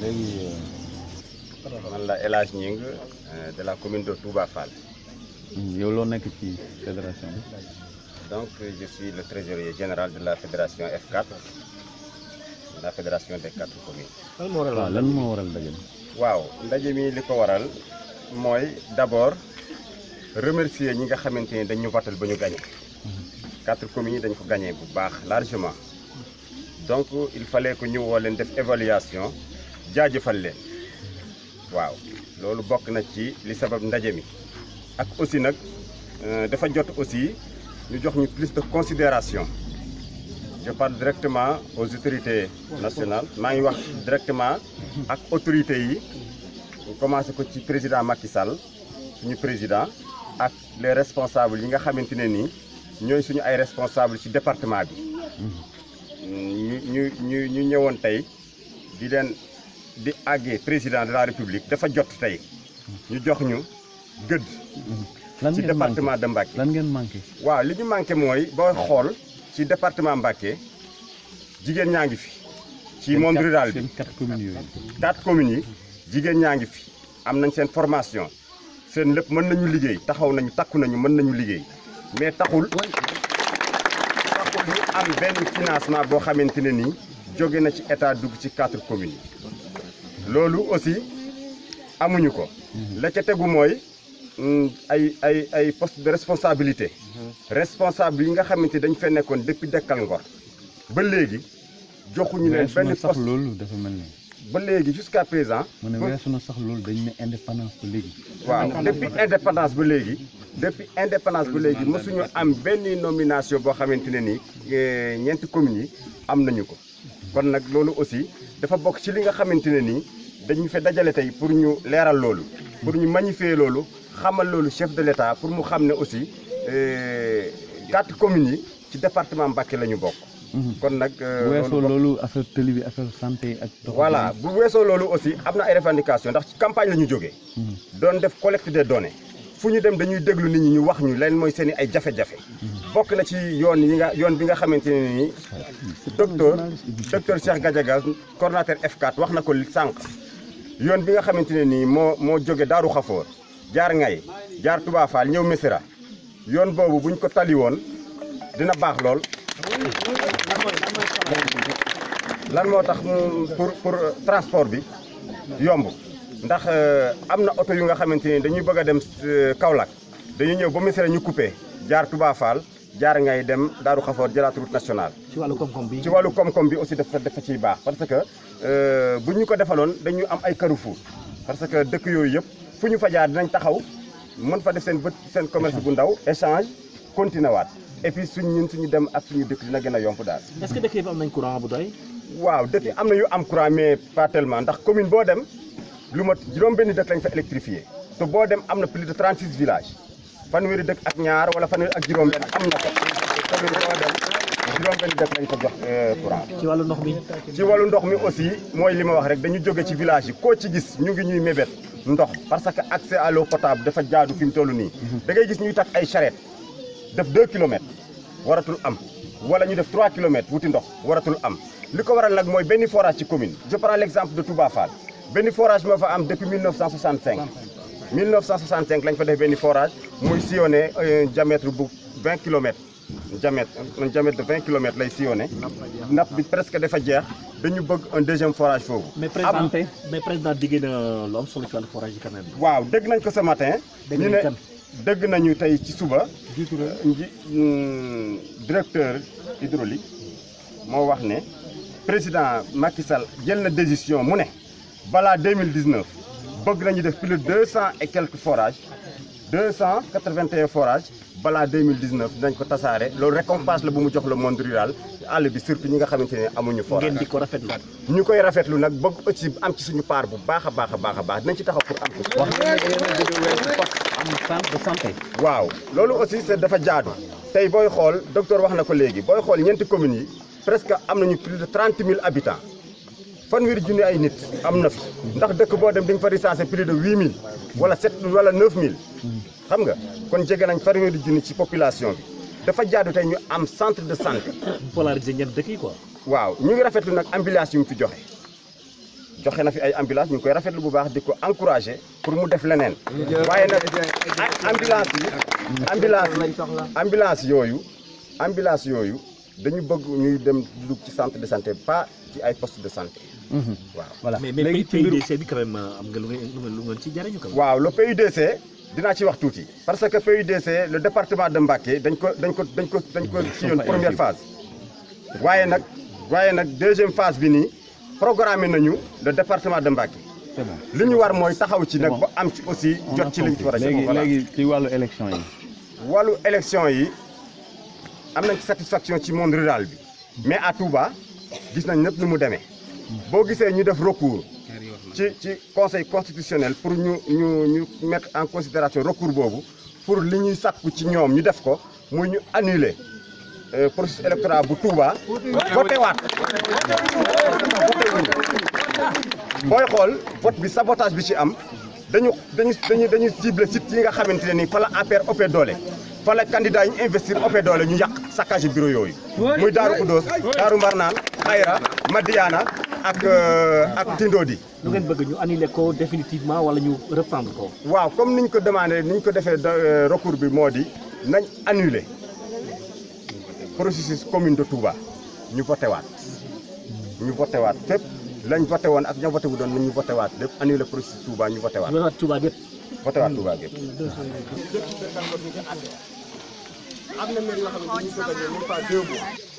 léegi man la élage Hadj Nying euh, de la commune de Touba Fall. yow loo nekk ci fédération bi. donc je suis le trésorier général de la fédération F4 la fédération des quatre communes. lan moo waral waaw lan moo waral ndaje mi. waaw ndaje mi li ko waral mooy d'abord remercier ñi nga xamante ni dañ ñu watal ba ñu gagné. Mhm. quatre communes yi dañ ko gagné bu baax largement. donc il fallait que ñu woo leen def évaluation. jaajëfal leen waaw loolu bokk na ci li sabab ndaje mi ak aussi nag euh, dafa jot aussi ñu jox ñu plus de considération je directement aux autorités national maa ngi wax directement ak autorités yi commencé ko ci président Macky Sall suñu président ak les responsables yi nga xamante ne nii ñooy suñu ay responsables ci département bi mm-hmm. ñu ñu ñu ñu ñëwoon tey di leen di àggee président de la république dafa jot tey ñu jox ñu gëdd. lan ci département de Mbacké lan ngeen manqué. waaw li ñu manqué mooy boo xool ci département Mbacké jigéen ñaa ngi fi. ci monde rural bi quatre communes yooyu. quatre communes yi jigéen ñaa ngi fi am nañ seen formation seen lépp mën nañu liggéey taxaw nañu takku nañu mën nañu liggéey mais taxul taxul ñu am benn financement boo xamante ne nii jóge na ci état dugg ci quatre communes yi. loolu aussi amuñu ko mhm. la ca tegu mooy mm, ay ay ay poste de responsabilité mhm. responsable yi nga xamante dañ fee nekkoon depuis dekkal ngor ba léegi joxuñu leen benn poste loolu dafa mel ni ba léegi jusqu'à présent mu ne weesu na sax loolu dañ ne indépendance ba léegi waaw depuis indépendance ba léegi depuis indépendance ba léegi mësuñu am benn nomination boo xamante ne ni eh, ñeenti communes yi am nañu ko mhm. kon nag loolu aussi dafa bokk ci li nga xamante ne nii dañu fe dajale tey pour ñu leeral loolu pour ñu magnifier loolu xamal loolu chef de l'État pour mu xam ne aussi euh, quatre communes yi ci département Mbacké la ñu bokk mhm. kon nag euh, bu weesoo loolu affaire télé bi affaire santé ak voilà bu weesoo loolu aussi am na ay ndax ci campagne la ñu jógee mhm. doon def collecte des données fu ñu dem dañuy déglu nit ñi ñu wax ñu leen mooy seen i ay jafejafe mhm. bokk na ci yoon yi nga yoon bi nga xamante ne nii docteur docteur Cheikh Gadiaga coordonnateur F4 wax na ko sànq yoon bi nga xamante ne nii moo moo jóge Daaru Xafoor jaar Ngay jaar Touba ñëw Missira yoon boobu buñ ko tali woon dina baax lool lan moo tax pour pour euh, transport bi yomb ndax euh, am na oto yu nga xamante ni dañuy bëgg a dem euh, Kaolack dañuy ñëw ba Missira ñu coupé jaar Touba jaar ngay dem Daaru Xafoor jëlaat route nationale. ci wàllu koom bi ci wàllu koom-koom bi aussi dafa dafa ciy baax parce que euh, bu ñu ko defaloon dañuy am ay carrefour parce que dëkk yooyu yëpp fu ñu fa jaar dinañ taxaw mën fa def seen bët seen commerce bu ndaw echange continué waat et puis suñ ñun suñu dem ak suñu dëkk dina gën a yomb daal. est-ce que dëkk yi am nañ courant bu doy. waaw dëkk yi am na am courant mais pas ndax commune boo dem lu mat juróom-benni dëkk lañ fa électrifié te boo dem am na plus de 36 villages. fanweeri dëkk ak ñaar wala fan ak juróom-benn am na ko commune boo dem juróom-benn dëkk lañ ko jox courant. Euh, ci wàllu ndox mi. ci wàllu ndox mi aussi mooy li ma wax rek dañu jóge ci village yi koo ci gis ñu ngi ñuy mébét ndox parce que accès à dafa jaadu fi mu toll nii. Mhm. da ngay gis ñuy takk ay charrette def 2 kilomètres waratul am wala ñu def 3 kilomètres wuti ndox waratul am li ko waral nag mooy benn forage ci commune je prends l'exemple de Touba Fall benn forage moo fa am depuis 1965 lañ fa def benn forage muy sillonné euh, diamètre bu 20 kilomètres diamètre un diamètre de 20 kilomètres lay sillonné napp bi presque dafa jeex dañu bëgg un deuxième forage foofu. mais président mais président digg na lu am solo ci wàllu forage yi quand même. waaw dégg nañ ko ce matin. ñu ne dégg nañu tey ci suba. Euh, hmm, directeur hydraulique moo wax ne président Macky Sall jël na décision mu ne balaa 2019. bëgg nañu def plus de deux cent et quelques forages deux cent quatre vingt balaa deux mille dix neuf ko tasaare loolu récompense la bu mu jox le monde rural àll bi surtout ñi nga xamante ne amuñu forage. ngeen di ko rafetlu ñu koy rafetlu nag bëgg aussi am ci suñu paar bu baax a baax a baax a baax dinañ ci taxaw pour am ko. wax am centre de waaw loolu aussi c'est dafa jaadu tey booy xool docteur wax na ko léegi booy xool ñeenti communes yi presque am nañu plus de trente mille habitants. fanweeri junni ay nit am na ndax dëkk boo dem di nga fa recensé plus de huit mille wala sept wala neuf mille xam nga kon jege nañ fanweeri junni ci population bi dafa jaadu tey ñu am centre de santé. polariser ñenn dëkk yi quoi. waaw ñu ngi rafetlu nag ambulance mu fi joxe joxe na fi ay ambulance ñu ngi koy rafetlu bu baax di ko encouragé pour mu def leneen. waaye nag ambulance yi. ambulance yi ambulance yooyu ambulance yooyu. dañu bëgg ñuy dem dugg ci centre de santé pas ci ay poste de santé. Mhm. waaw voilà léegi ci mbiru mais PUDC bi quand même euh, am nga lu ngeen ci jariñu ko. waaw le PUDC dinaa ci wax tuuti. parce que PUDC le département de Mbacké dañ ko dañ ko dañ ko dañ ko ci yoon première phase. waaye nag waaye nag deuxième phase bi nii programmé nañu le département de Mbacké. li ñu war mooy taxaw ci nag ba am ci aussi jot ci liñ ci a. léegi léegi ci wàllu élection yi. wàllu élection yi. am nañ satisfaction ci monde rural bi mais à Touba gis nañ ñëpp ni mu demee boo gisee ñu def recours ci ci conseil constitutionnel pour ñu ñu ñu mettre en considération recours boobu pour li ñuy sàkku ci ñoom ñu def ko muy ñu annuler euh, processus électoral bu Touba voté waat booy xool vote bi sabotage bi ci am dañu dañu dañu dañu ciblé site yi nga xamante ne ni fa la APR doole fa la ñu investir ëppee doole ñu yàq saccage bureau yooyu muy Daaru Xuddoos Daaru Marnaan Xayra Madiana ak euh, ak Tindodi. lu ngeen bëgg ñu annuler ko définitivement wala ñu reprendre ko. waaw comme niñ ko demandé niñ ko defee euh, recours bi moo di nañ annuler processus commune de Touba ñu voté waat ñu voté waat fépp lañ voté woon ak ña voté wu doon ñu voté waat lépp annuler processus Touba ñu voté waat. ñu voté waat côté waa Touba gépp am na mel yoo